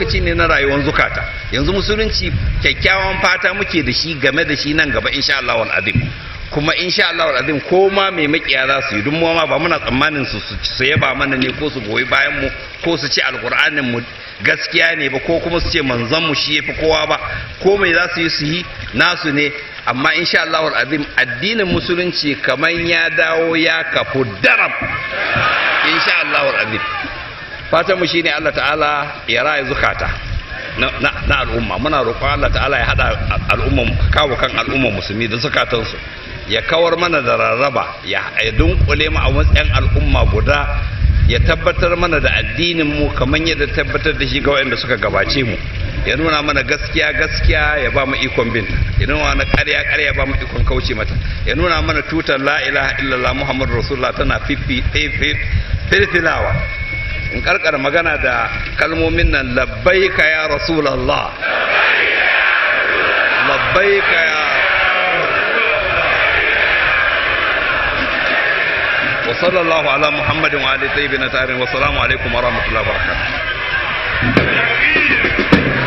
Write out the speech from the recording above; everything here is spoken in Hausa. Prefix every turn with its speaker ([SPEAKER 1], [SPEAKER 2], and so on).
[SPEAKER 1] lokaci ne na rayuwar zukata yanzu musulunci kyakkyawan fata muke da shi game da shi nan gaba insha Allah wal azim kuma insha Allah wal azim ko ma mai makiya za su yi duk ma ba muna tsammanin su su ba mana ne ko su goyi bayan mu ko su ci alqur'anin mu gaskiya ne ba ko kuma su ce manzon mu shi yafi kowa ba ko mai za su yi su yi nasu ne amma insha Allah wal azim addinin musulunci kaman ya dawo ya kafu darab insha Allah wal azim fatanmu mu shine Allah ta'ala ya raya zukata na al'umma muna roƙon Allah ta'ala ya haɗa al'umma kawo kan al'umma musulmi da zukatansu ya kawar mana da rarraba ya dunkule mu a matsayin al'umma guda ya tabbatar mana da addinin mu kamar yadda tabbatar da shi ga waɗanda suka gabace mu ya nuna mana gaskiya gaskiya ya ba mu ikon bin ya nuna mana ƙarya ƙarya ba mu ikon kauce mata ya nuna mana tutar la ilaha illallah muhammadu rasulullah tana fifi filfilawa in karkar magana da kalmomin nan labbaika ya rasulallah labbaika ya wa sallallahu ala muhammadin wa ali na tarihin, wa salamu alaikum wa rahmatullahi wa barakatuh